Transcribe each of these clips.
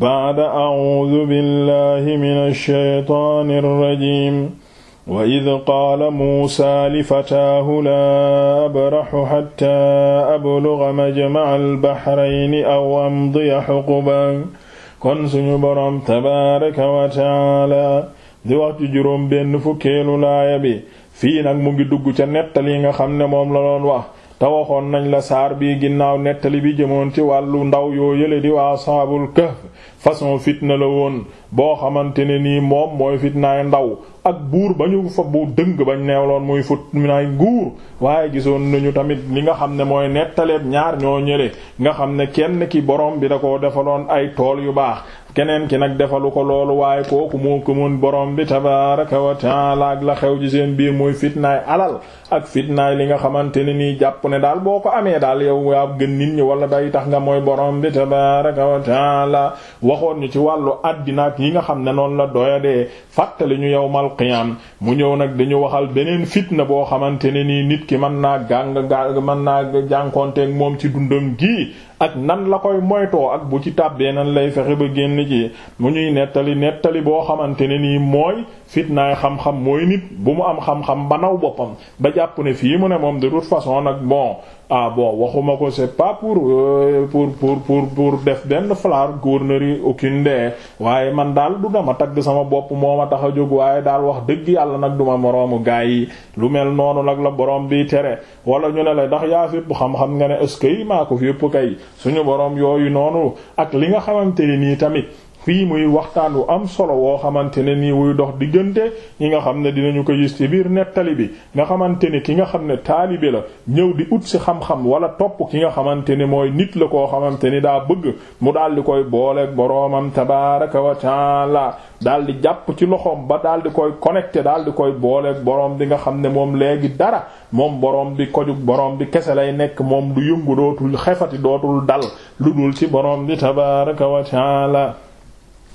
ba'da a'uudu billahi mina shaytaani rajiim wa id qaala muusaa li fataahu laa abraxu xatta abluga majmaca albaxrayni aw amdiya xuquban kon suñu boroom tabaaraka wa taala di wax ci juróom benn fukkeelu laaya bi fii nag mu ngi dugg ca nettali nga xam ne moom la doon wax te waxoon nañ la saar bi ginnaaw nettali bi jëmoon ci wàllu ndaw yoo yële di waa saabul kahf façon fitna la woon boo xamante ne nii moom mooy fitnaay ndaw ak buur ba ñu fa bu dëng bañ neewloon muy fitnaay nguur waaye gisoon nañu tamit li nga xam ne mooy nettaleeb ñaar ñoo ñële nga xam ne kenn ki borom bi da ko defaloon ay tool yu baax keneen ki nag defalu ko loolu waaye kooku moo ko mun borom bi tabaraka wa taala ak la xew ci seen biir mooy fitnaay alal ak fitnaay li nga xamante ne nii jàpp ne daal boo ko amee daal yow yaa gën nit ñi wala day tax nga mooy borom bi tabaraka ci wàllu àddina yi nga xam ne noonu la doyade fàttali ñu yow qiyaam mu ñëw nag dañu waxal beneen fitna boo xamante ne nii nit ki mën naa gàng gàng mën naa jànkoonteeg moom ci dundam gii ak nan la koy moytoo ak bu ci tàbbee nan lay fexe ba génn ci mu ñuy nettali nettali boo xamante ne nii mooy fitnaay xam-xam mooy nit bu mu am xam-xam ba naw boppam ba jàpp ne fii mu ne moom de toute façon nag bon ah bon waxuma ko c'est pas pour euh, pour pour pour pour def benn flagornerie aucune de waaye man daal du dama tagg sama bopp moo ma tax a jóg waaye daal wax dëgg yàlla nag duma moroomu gaay yi lu mel noonu nag la boroom bi tere wala ñu ne la ndax yaa fépp xam-xam nga ne est-ce que maa ko fi yëpp kay suñu borom yooyu noonu ak li nga xamante nii tamit fii muy waxtaan wu am solo woo xamante ne nii wuy dox diggante ki nga xam ne dina ñu ko gis ci biir nettali bi nga xamante ne ki nga xam ne taalibe la ñëw di ut si xam-xam wala topp ki nga xamante ne mooy nit la koo xamante ni daa bëgg mu daal di koy booleeg boroomam tabaaraka wa la daal di jàpp ci loxoom ba daal di koy connecté daal di koy booleek boroom bi nga xam ne moom léegi dara moom boroom bi kojug boroom bi kese lay nekk moom du yëngu dootul xefati dootul dal lu dul ci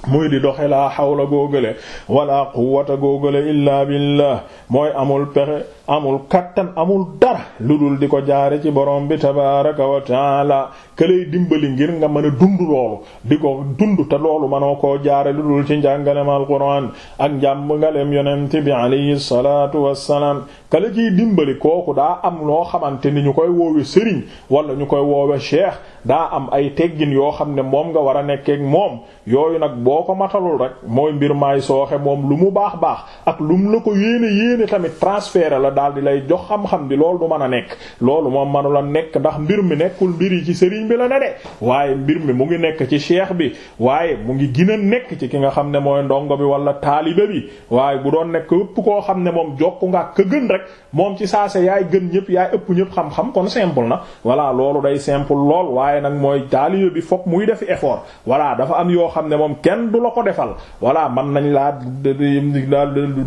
mu di doxe laa xawla góogale wala quwwata góogale illaa billah mooy amul pexe amul kattan amul dara lu dul di ko jaare ci borom bi tabaraka wa taala këlay dimbali ngir nga mën a dund loolu di ko dund te loolu mënoo koo jaare lu dul ci njàngalem alquran ak njàmb ngalem yonent bi alayhi salatu wassalam ka ciy dimbali kooku daa am loo xamante ni ñu koy woowe sëriñ wala ñu koy woowe cheikh daa am ay teggin yoo xam ne moom nga war a nekkeek moom yooyu nag boo ko matalul rek mooy mbir maay sooxe moom lu mu baax baax ak lu mu la ko yéene yéene tamit transféré la daal di lay jox xam-xam bi loolu du mën a nekk loolu moom manu la nekk ndax mbir mi nekkul mbir yi ci sëriñ bi la ne de waaye mbir mi mu ngi nekk ci cheikh bi waaye mu ngi gën a nekk ci ki nga xam ne mooy ndongo bi wala taalibe bi waaye bu doon nekk koo xam ne moom jokku nga moom ci saa saase yaay gën ñëpp yaay ëpp ñëpp xam-xam kon simple na voilà loolu day simple lool waaye nag mooy taalibe bi fokk muy defi effort voilà dafa am yoo xam ne moom kenn du la ko defal voilà man nañ laa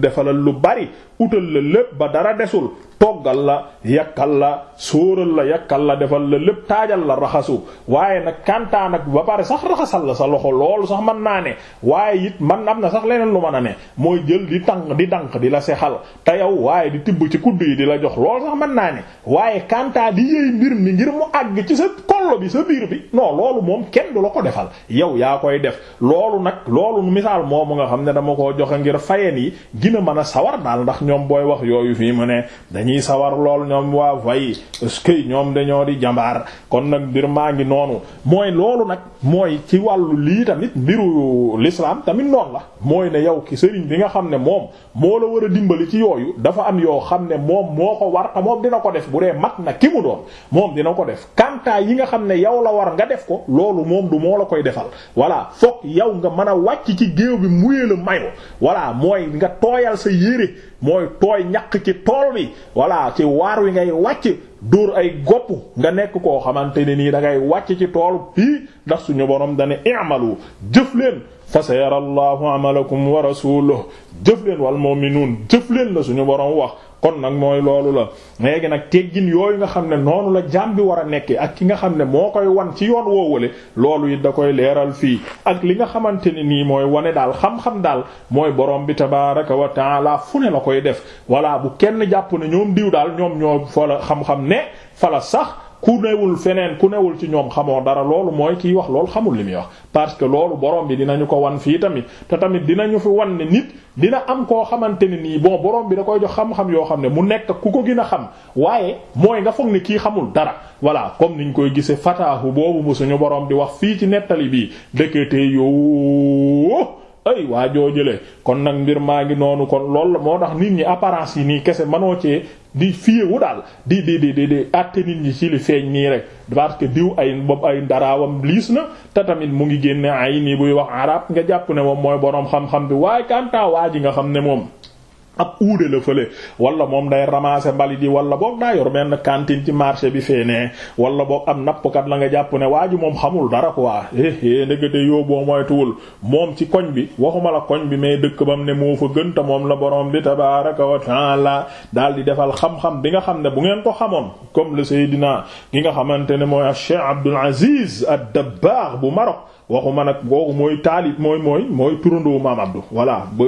defalal lu bari utal la lépp ba dara desul toggal la yakkal la sóoral la yakkal la defal la lépp taajal la raxasu waaye nag kantaa nag ba pare sax raxasal la sa loxo loolu sax mën naa ne waaye it man am na sax leneen lu mën a ne mooy jël di tànk di dànk di la sexal te yow waaye di tibb ci kudd yi di la jox loolu sax naa ne waaye kantaa di yëy mbir mi ngir mu àgg ci sa kollo bi sa biir bi non loolu moom kenn du la ko defal yow yaa koy def loolu nag loolu misaal moomu nga xam ne dama ko joxe ngir fayeen yi gina mën sawar daal ndax ñoom booy yooyu fii mu ne dañuy sawar lool ñoom waa vay ëskey ñoom dañoo di jambaar kon nag mbir maa ngi noonu mooy loolu nag mooy ci wàllu lii tamit mbiru l'islam tamit noonu la mooy ne yow ki sëriñ bi nga xam ne moom moo la war a dimbali ci yooyu dafa am yoo xam ne moom moo ko war te moom dina ko def bu dee mat na ki mu doon moom dina ko def kantaa yi nga xam ne yow la war nga def ko loolu moom du moo la koy defal voilà fokk yow nga mën a wàcc ci géew bi muyee la mayo voilà mooy nga tooyal sa yére mooy mooy tooy ñaq ci tool bi voilà ci waar wi ngay wàcc dóor ay gopp nga nekk koo xamante ne nii da ngay wàcc ci tool bii ndax suñu borom dane i'malu jëf leen fa sayara allahu amalakum wa rasuluhu jëf leen wal mu'minun jëf leen la suñu borom wax kon nag mooy loolu la léegi nag teggin yooyu nga xam ne noonu la jaam bi war a nekkee ak ki nga xam ne moo koy wan ci yoon woowule loolu it da koy leeral fii ak li nga xamante ne nii mooy wane daal xam-xam daal mooy borom bi tabaaraka wa taala fu ne la koy def voilà bu kenn jàpp ne ñoom diw daal ñoom ñoo fa la xam-xam ne fa la sax ku newul feneen ku newul ci ñoom xamoo dara loolu mooy kiy wax loolu xamul li muy wax parce que loolu borom bi dinañu ko wan fii tamit te tamit dinañu fi wan ne nit dina am koo xamante ne nii bon borom bi da koy jox xam-xam yoo xam ne mu nekk ku ko gën a xam waaye mooy nga foog ni kii xamul dara voilà comme niñ koy gisee fataahu boobu bu suñu boroom di wax fii ci nettali bii dëkkatee yoo ay waa joo jëlee kon nag mbir maa ngi noonu kon lool la moo tax nit ñi apparence yi nii kese manoo cee di wu daal di di di di di àtte nit ñi ci li feeñ nii rek parce que diw ay bopp ay daraawam liis na te tamit mu ngi génne ay nii buy wax arab nga jàpp ne moom mooy boroom xam-xam bi waaye kantaa waa ji nga xam ne moom ab uude la fële wala moom day ramasser mbalit yi wala boog daa yor benn cantine ci marché bi feenee wala boog am nappkat la nga jàpp ne waa ji moom xamul dara quoi éé eh, eh, ndekete yoo boo moytuwul moom ci koñ bi waxuma la koñ bi mais dëkk ba bam ne moo fa gën te moom la borom bi tabaraka wa la daal di defal xam-xam bi nga xam ne bu ngeen ko xamoon comme le Seydina gi nga xamante ne mooy Cheikh Abdul Aziz ad-Dabbagh bu Maroc waxuma nag googu mooy taalib mooy mooy mooy turandoo maam Abdou voilà ba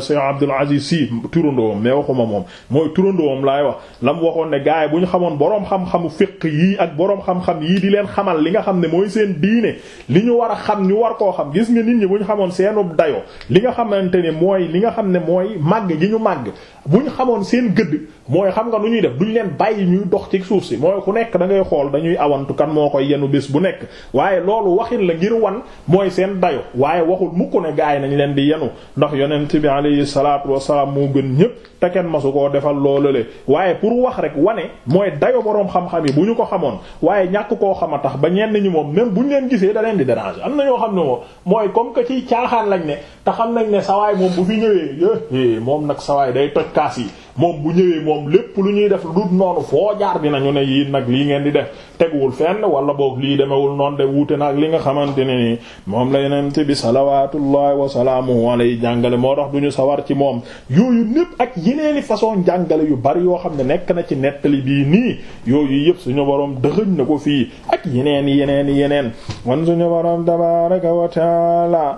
Seydou Abdoul Aziz Sy turandoom mais waxuma moom mooy turandoom laay wax la mu waxoon ne gars bu ñu xamoon boroom xam-xamu fiq yii ak boroom xam-xam yii di leen xamal li nga xam ne mooy seen diine li ñu war a xam ñu war koo xam gis nga nit ñi bu ñu xamoon seenub dayoo li nga xamante ne mooy li nga xam ne mooy màgg gi ñu màgg bu ñu xamoon seen gëdd. mooy xam nga nu ñuy def duñ leen bàyyi ñuy dox ci suuf si mooy ku nekk dangay ngay xool dañuy awantu kan moo ko yenu bés bu nekk waaye loolu waxin la ngir wan mooy seen dayo waaye waxul mukk ne gaay nañ leen di yenu ndax yonent bi alayhi salaatu wassalaam moo gën ñépp te kenn masu koo defal loolu le waaye pour wax rek wane mooy dayo boroom xam-xam yi bu ñu ko xamoon waaye ñàkk koo xam a tax ba ñenn ñi moom même buñ leen gisee daleen di déranger am na ñoo xam ne moom mooy comme que ciy caaxaan lañ ne te xam nañ ne sawaay moom bu fi ñëwee eh, eh, moom nag sawaay day toj kaas yi moom bu ñëwee moom lépp lu ñuy def lu dul noonu foo jaar dinañu ne yii nag lii ngeen di def teguwul fenn wala boog lii demewul noon de wuute nag li nga xamante ne nii moom la yonent bi salawaatullahi wa salaamuhu yi jàngale moo tax du ñu sawar ci moom yooyu népp ak yeneeni façon jàngale yu bari yoo xam ne nekk na ci nettali bii nii yooyu yëpp suñu boroom dëxëñ na ko fii ak yeneen yeneen yeneen wan suñu borom tabaaraka wa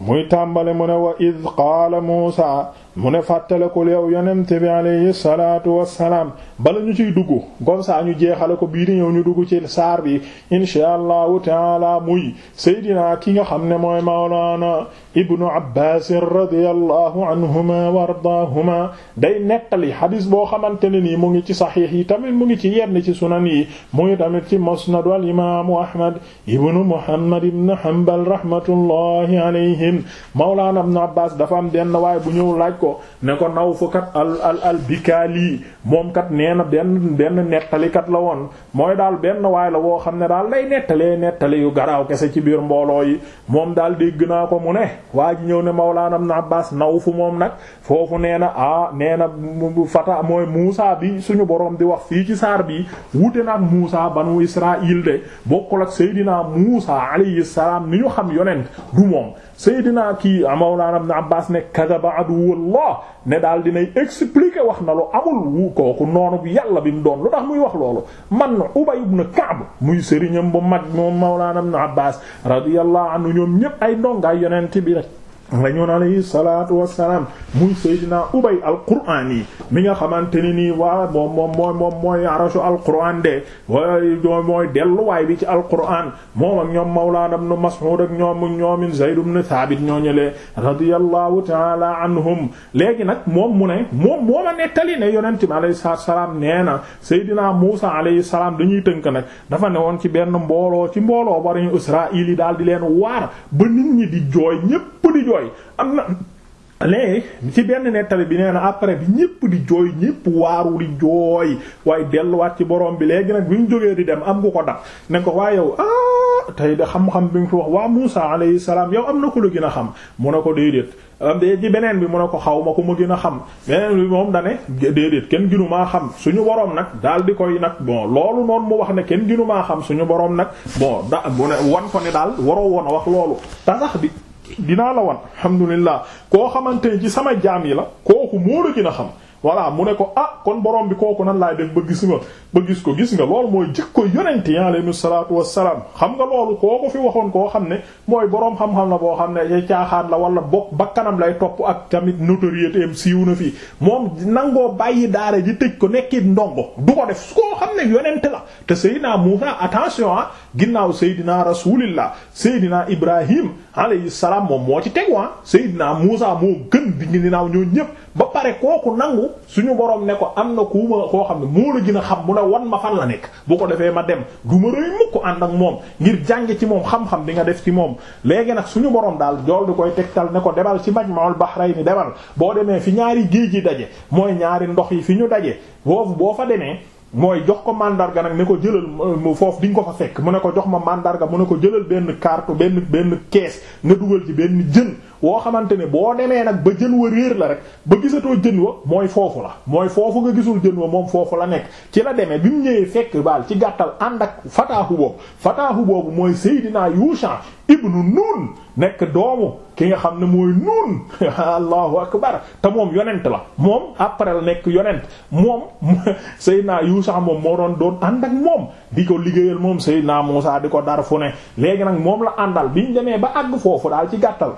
muy tàmbale mu ne wa id mu ne ko fàttalikul yow yonent bi alayhi wa wassalaam bala ñu ciy dugg comme sa ñu jeexale ko bii di ñëw ñu dugg ci saar bi insha allahu taala muy seydinaa ki nga xam ne mooy mawlaana ibnu abbaas radiyallahu anhuma wa ardaahuma day nettali xadiis boo xamante ne nii mu ngi ci saxiix yi tamit mu ngi ci yenn ci sunan yi mu ngi tamit ci ma musnadu al imaamu ahmad ibnu muhammad ibnu hanbal rahmatullahi alayhim mawlaana ibnu abbaas dafa am benn waay bu ñëw laaj ko ne ko naw fu kat al al al bikaali moom kat nee na benn benn nettalikat la woon mooy daal benn waay la woo xam ne daal lay nettalee nettali yu garaaw kese ci biir mbooloo yi moom daal dégg naa ko mu ne waa ji ñëw ne Mawlaana Ibn Abbaas naw fu moom nag foofu nee na ah nee na fata mooy Muusa bi suñu boroom di wax fii ci saar bi wute nag Muusa banu Israaïl de bokkul ak Seydina Muusa alayhi salaam ni ñu xam yonent du moom Seydina kii Mawlaana Ibn Abbaas ne kadaba aduwwul allah ne daal dinay expliquer wax na lu amul wu kooku noonu bi yàlla bi mu doon lu tax muy wax loolu man Ubay ibn Ka'b muy sëriñam bu mag moom Mawlaana ibn Abbaas radiyallahu anhu ñoom ñépp ay ndongaay yonent bi rek la ñoon alayhi salaatu wassalaam muy Seydina Ubay al-Qur'aan yi mi nga xamante ne nii waa moom moom mooy moom mooy arashu al-Qur'aan de waay mooy delluwaay bi ci al-Qur'aan moom ak ñoom Mawlaana ibn Mas'uud ak ñoom ñoomin Zayd ibn Thaabit ñoo ñëlee radiyallahu ta'ala anhum léegi nag moom mu ne moom moo ma nettali ne yonent mi alayhi salaatu wassalaam nee na Seydina Muusaa alayhi salaam dañuy tënk nag dafa ne woon ci benn mbooloo ci mbooloo bariñu Israa'iil yi daal di leen waar ba nit ñi di jooy ñépp jooy am na léegi ci benn nettali bi nee na après bi ñépp di jooy ñépp waaru di jooy waaye delluwaat ci borom bi léegi nag bi ñu jógee di dem am ngu ko dab ne ko waa yow ah tey de xam-xam bi nga fi wax waa Musa alayhi salaam yow am na ko la gën a xam mu ne ko déedéet ci beneen bi mu ne ko xaw ma ko mu gën a xam beneen bi moom dane déedéet kenn ginu maa xam suñu borom nag daal di koy nag bon loolu noonu mu wax ne kenn ginu maa xam suñu boroom nag bon da ko ne daal waroo woon a wax bi. dinaa la wan alhamdulillah koo xamante ne ci sama jaam yi la kooku moo la xam voilà mu ne ko a ah, kon boroom bi kooku nan laay def ba gis ma ba gis ko gis nga loolu mooy jikko yonent yi alayhi salaatu xam nga loolu kooku fi waxoon koo xam ne mooy boroom xam-xam la xam ne ay caaxaan la wala bokk bakkanam lay topp ak tamit notoriété am siiw na fii moom nangoo bàyyi daara ji tëj ko nekki ndongo du ko def koo xam ne yonent la te Seydina Muusa attention ah ginnaaw Seydina Rasulillah Seydina Ibrahim alayhi salaam moom moo ci teg waa ah. Seydina Muusa moo gën di ngi ginnaaw ñoo ñëpp pare kooku nangu suñu borom ne ko am na ku koo xam ne moo la gën a xam mu ne wan ma fan la nekk boo ko defee ma dem du ma rëy mukk ànd ak moom ngir jànge ci moom xam-xam bi nga def ci moom léegi nag suñu borom daal dool di koy tegtal ne ko demal ci majma'ul bahrayni demal boo demee fi ñaari géej yi daje mooy ñaari ndox yi fi ñu daje foofu boo fa demee mooy jox ko mandarga nag ne ko jëlal foofu di nga ko fa fekk mu ne ko jox ma mandarga mu ne ko jëlal benn carte benn benn kees nga dugal ci benn jën woo xamante ne boo demee nag ba jën wa réer la rek ba gisatoo jën wa mooy foofu la mooy foofu nga gisul jën wa moom foofu la nekk ci la demee bi mu ñëwee fekk baal ci gàttal ànd ak fataahu boobu fataahu boobu mooy Seydina Yusha ibnu Nun nekk doomu ki nga xam ne mooy Nun allahu akbar te moom yonent la moom après la nekk yonent moom Seydina Yusha moom moo doon doon ànd ak moom di ko liggéeyal moom Seydina Muusa di ko dar fu ne léegi nag moom la àndal biñ demee ba àgg foofu daal ci gàttal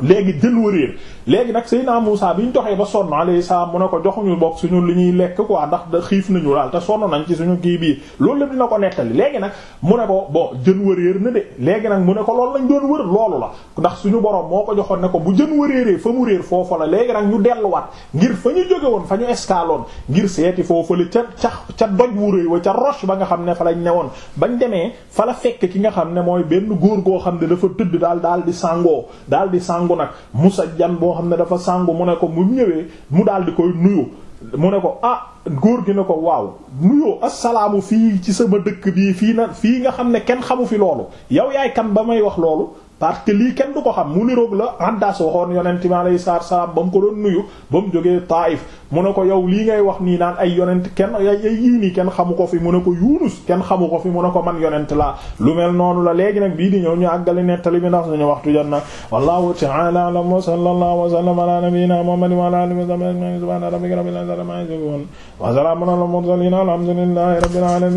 léegi jël wëréer léegi nag Seydina Muusaa bi ñu doxee ba sonn alayhi salaam mu ne ko joxuñu bokk suñu li ñuy lekk quoi ndax da xiif nañu daal te sonn nañ ci suñu kii bii loolu la dina ko nettali léegi nag mu ne ko bon jën wëréer na de léegi nag mu ne ko loolu nañ doon wër loolu la ndax suñu borom moo ko joxoon ne ko bu jën wëréeree fa mu réer foofa la léegi nag ñu delluwaat ngir fa ñu jóge woon fa ñu escaloon ngir seeti foofu la ca ca ca doj wu réy wa ca roche ba nga xam ne fa lañ newoon bañ demee fa la ki nga xam ne mooy benn góor goo xam ne dafa tëdd daal daal di sàngoo daal sangu nag musajjan boo xam ne dafa sangu mu ne ko mu ñëwee mu daal di koy nuyu mu ne ko ah góor gi ne ko waaw nuyoo assalaamu fii ci sama dëkk bii fii nag fii nga xam ne kenn xamu fi loolu yow yaay kan ba may wax loolu parce que lii kenn du ko xam mu niroog la Andas waxoon yonent mi alayhi salaatu salaam ba ko doon nuyu ba mu jógee Taif mu ne ko yow lii ngay wax nii naan ay yonent kenn ay yii nii kenn xamu ko fi mu ne ko Yunus kenn xamu ko fi mu ne ko man yonent laa lu mel noonu la léegi nag bii di ñëw ñu àggale nettali bi ndax suñu waxtu jot na wallahu ta'ala a'lam wa sallallahu wa sallama ala nabiyyina muhammadin wa ala alihi wa